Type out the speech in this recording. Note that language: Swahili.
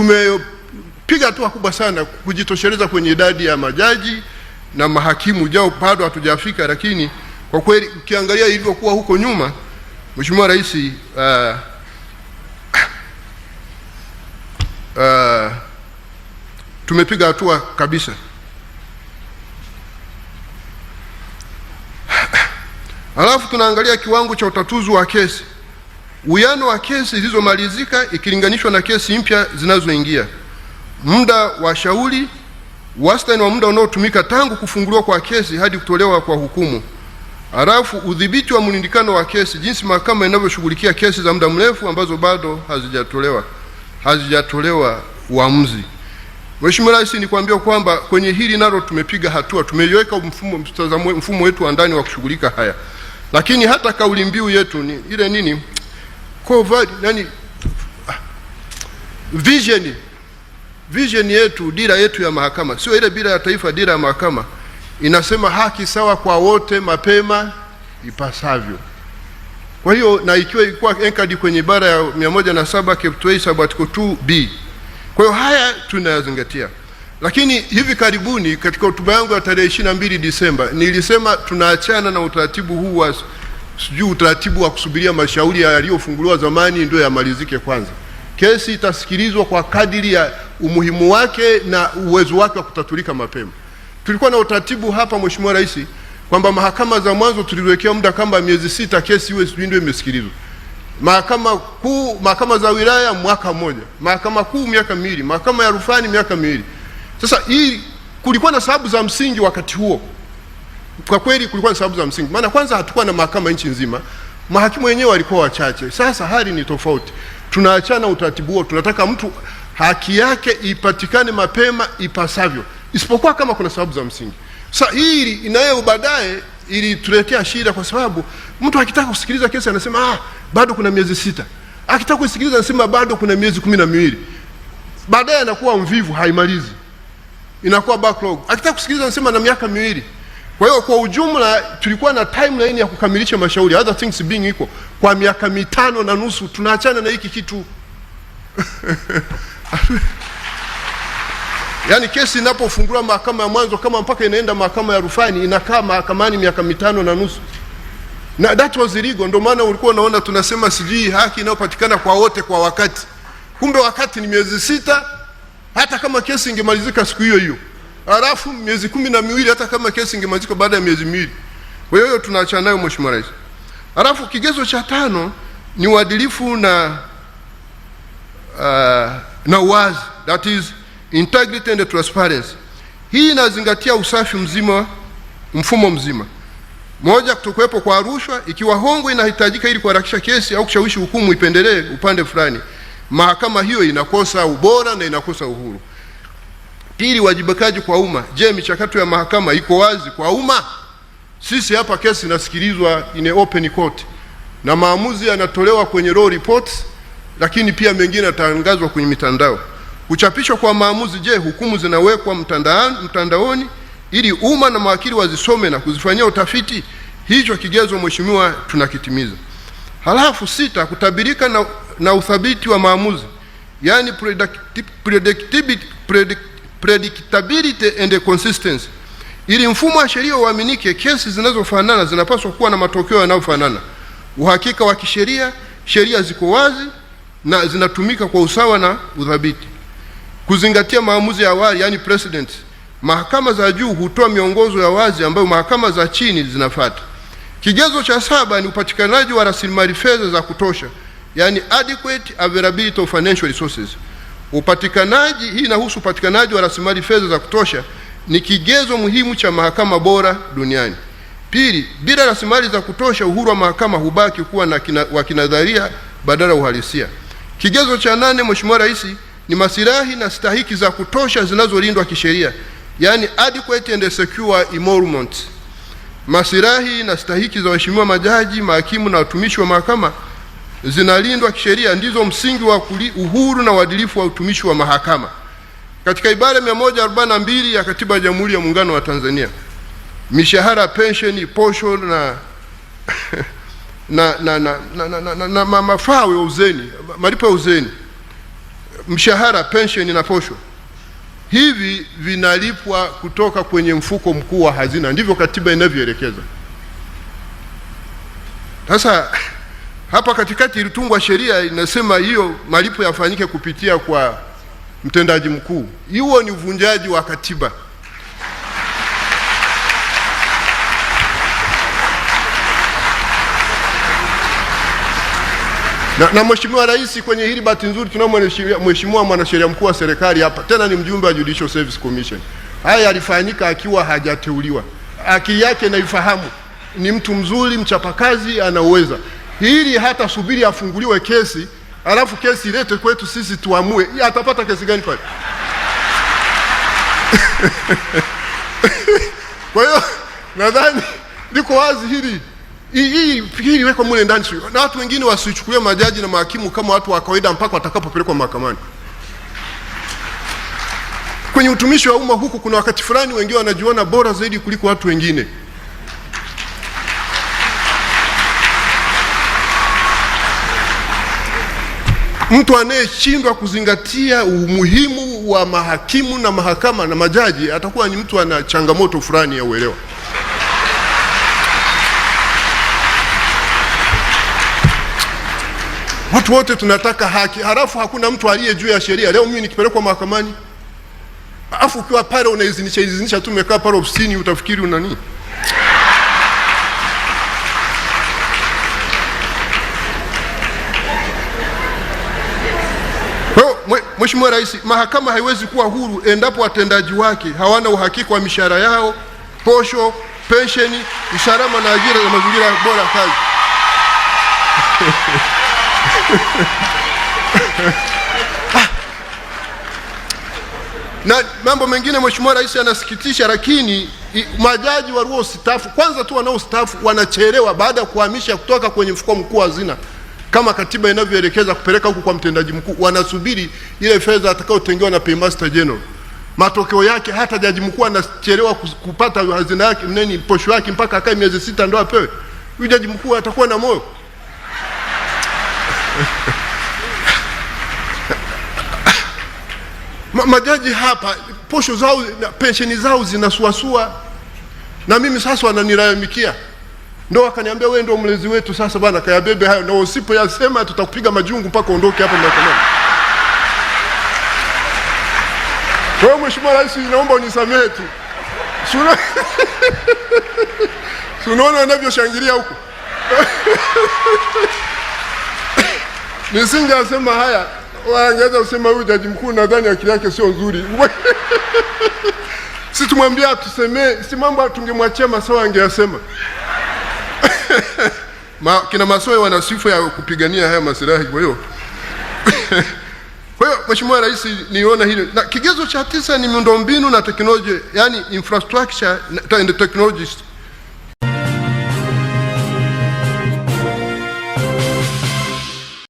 tumepiga hatua kubwa sana kujitosheleza kwenye idadi ya majaji na mahakimu, jao bado hatujafika, lakini kwa kweli ukiangalia ilivyokuwa huko nyuma, Mheshimiwa Rais uh, uh, tumepiga hatua kabisa. Halafu tunaangalia kiwango cha utatuzi wa kesi. Uwiano wa kesi zilizomalizika ikilinganishwa na kesi mpya zinazoingia, muda wa shauri, wastani wa muda unaotumika tangu kufunguliwa kwa kesi hadi kutolewa kwa hukumu, halafu udhibiti wa mlindikano wa kesi, jinsi mahakama inavyoshughulikia kesi za muda mrefu ambazo bado hazijatolewa hazijatolewa uamuzi. Mheshimiwa Rais, nikwambia kwamba kwenye hili nalo tumepiga hatua, tumeiweka mfumo, mfumo wetu wa ndani wa kushughulika haya, lakini hata kauli mbiu yetu ni ile nini kovali nani ah. vision vision yetu, dira yetu ya mahakama sio ile bila ya taifa. Dira ya mahakama inasema haki sawa kwa wote mapema ipasavyo. Kwa hiyo na ikiwa ilikuwa enkadi kwenye ibara ya 107 kifungu 2b. Kwa hiyo haya tunayazingatia, lakini hivi karibuni katika hotuba yangu ya tarehe 22 Disemba nilisema tunaachana na utaratibu huu wa sijui utaratibu wa kusubiria mashauri yaliyofunguliwa zamani ndio yamalizike kwanza. Kesi itasikilizwa kwa kadiri ya umuhimu wake na uwezo wake wa kutatulika mapema. Tulikuwa na utaratibu hapa, Mheshimiwa Rais, kwamba mahakama za mwanzo tuliwekea muda kama miezi sita, kesi iwe sijui ndio imesikilizwa. Mahakama kuu, mahakama za wilaya mwaka mmoja, mahakama kuu miaka miwili, mahakama ya rufani miaka miwili. Sasa hii kulikuwa na sababu za msingi wakati huo kwa kweli kulikuwa na sababu za msingi. Maana kwanza hatukuwa na mahakama nchi nzima, mahakimu wenyewe walikuwa wachache. Sasa hali ni tofauti, tunaachana utaratibu huo, tunataka mtu haki yake ipatikane mapema ipasavyo, isipokuwa kama kuna sababu za msingi. Sasa hili inayo baadaye ilituletea shida, kwa sababu mtu akitaka kusikiliza kesi anasema ah, bado kuna miezi sita. Akitaka kusikiliza anasema bado kuna miezi kumi na miwili. Baadaye anakuwa mvivu, haimalizi, inakuwa backlog. Akitaka kusikiliza anasema na miaka miwili kwa hiyo kwa ujumla tulikuwa na timeline ya kukamilisha mashauri, other things being equal, kwa miaka mitano na nusu tunaachana na hiki kitu yaani kesi inapofungua mahakama ya mwanzo kama mpaka inaenda mahakama ya rufani inakaa mahakamani miaka mitano na nusu na that was illegal. Ndio maana ulikuwa unaona tunasema sijui haki inayopatikana kwa wote kwa wakati, kumbe wakati ni miezi sita, hata kama kesi ingemalizika siku hiyo hiyo alafu miezi kumi na miwili, hata kama kesi ingemalizika baada ya miezi miwili. Kwa hiyo tunaachana nayo Mheshimiwa Rais. alafu kigezo cha tano ni uadilifu na uh, na uwazi, that is integrity and transparency. Hii inazingatia usafi mzima, mfumo mzima moja, kutokuwepo kwa rushwa. Ikiwa hongo inahitajika ili kuharakisha kesi au kushawishi hukumu ipendelee upande fulani, mahakama hiyo inakosa ubora na inakosa uhuru. Pili, wajibikaji kwa umma. Je, michakato ya mahakama iko wazi kwa umma? Sisi hapa kesi inasikilizwa in open court na maamuzi yanatolewa kwenye law reports, lakini pia mengine yatangazwa kwenye mitandao. Kuchapishwa kwa maamuzi, je, hukumu zinawekwa mtandaoni, ili umma na mawakili wazisome na kuzifanyia utafiti? Hicho kigezo mheshimiwa, tunakitimiza. Halafu sita, kutabirika na, na uthabiti wa maamuzi, yaani predictability, predictability predictability and consistency. Ili mfumo wa sheria uaminike, kesi zinazofanana zinapaswa kuwa na matokeo yanayofanana, uhakika wa kisheria, sheria ziko wazi na zinatumika kwa usawa na udhabiti. Kuzingatia maamuzi ya awali, yani precedent. Mahakama za juu hutoa miongozo ya wazi ambayo mahakama za chini zinafuata. Kigezo cha saba ni upatikanaji wa rasilimali fedha za kutosha, yani adequate availability of financial resources. Upatikanaji, hii inahusu upatikanaji wa rasilimali fedha za kutosha, ni kigezo muhimu cha mahakama bora duniani. Pili, bila rasilimali za kutosha, uhuru wa mahakama hubaki kuwa na kina, wa kinadharia badala ya uhalisia. Kigezo cha nane, Mheshimiwa Rais, ni masilahi na stahiki za kutosha zinazolindwa kisheria, yani adequate and secure emoluments. Masilahi na stahiki za waheshimiwa majaji, mahakimu na watumishi wa mahakama zinalindwa kisheria ndizo msingi wa uhuru na uadilifu wa utumishi wa mahakama katika ibara 142 ya Katiba ya Jamhuri ya Muungano wa Tanzania. Mishahara, pensheni, posho na na na na, na, na, na, na, na mafao ya uzeni, malipo ya uzeni, mshahara, pensheni na posho hivi vinalipwa kutoka kwenye mfuko mkuu wa hazina, ndivyo katiba inavyoelekeza. Sasa hapa katikati ilitungwa sheria inasema hiyo malipo yafanyike kupitia kwa mtendaji mkuu. Hiyo ni uvunjaji wa katiba. Na, na Mheshimiwa Rais kwenye hili bahati nzuri tunao Mheshimiwa mwanasheria mkuu wa serikali hapa, tena ni mjumbe wa Judicial Service Commission. Haya yalifanyika akiwa hajateuliwa, akili yake naifahamu, ni mtu mzuri, mchapakazi, anaweza ili hata subiri afunguliwe kesi, alafu kesi ilete kwetu sisi tuamue atapata kesi gani pale. Kwa hiyo nadhani liko wazi hili hii hii iwekwe mule ndani, na watu wengine wasichukulie majaji na mahakimu kama watu wa kawaida mpaka watakapopelekwa mahakamani. Kwenye utumishi wa umma huku, kuna wakati fulani wengine wanajiona bora zaidi kuliko watu wengine. Mtu anayeshindwa kuzingatia umuhimu wa mahakimu na mahakama na majaji atakuwa ni mtu ana changamoto fulani ya uelewa. Watu wote tunataka haki, halafu hakuna mtu aliye juu ya sheria. Leo mimi nikipelekwa mahakamani, afu ukiwa pale unaizinisha izinisha tu, umekaa pale ofisini, utafikiri una nini? Mheshimiwa Rais, mahakama haiwezi kuwa huru endapo watendaji wake hawana uhakika wa mishahara yao, posho, pensheni, usalama na ajira za mazingira bora kazi. na mambo mengine Mheshimiwa Rais anasikitisha, lakini majaji walio stafu kwanza tu wanaostafu wanachelewa baada ya kuhamisha kutoka kwenye mfuko mkuu wa hazina kama katiba inavyoelekeza kupeleka huku kwa mtendaji mkuu, wanasubiri ile fedha atakayotengewa na Paymaster General. Matokeo yake hata jaji mkuu anachelewa kupata hazina yake nini, posho yake mpaka akae miezi sita ndo apewe. Huyu jaji mkuu atakuwa na moyo Ma, majaji hapa posho zao pensheni zao zinasuasua, na mimi sasa wananilalamikia ndo akaniambia wewe ndo mlezi wetu, sasa bwana kayabebe hayo, na usipoyasema tutakupiga majungu mpaka uondoke hapa mahakamani. Kwa hiyo Mheshimiwa Rais, naomba unisamehe tu. Sunaona wanavyoshangilia huko asema haya, wangeweza kusema huyu jaji mkuu nadhani akili yake sio nzuri si tumwambia atusemee, si mambo tungemwachia masawa angeyasema. Ma, kina Masowe wana sifa ya kupigania haya masilahi. Kwa hiyo kwa hiyo Mheshimiwa Rais, niona hili na kigezo cha tisa ni miundombinu na teknolojia, yani infrastructure and technologies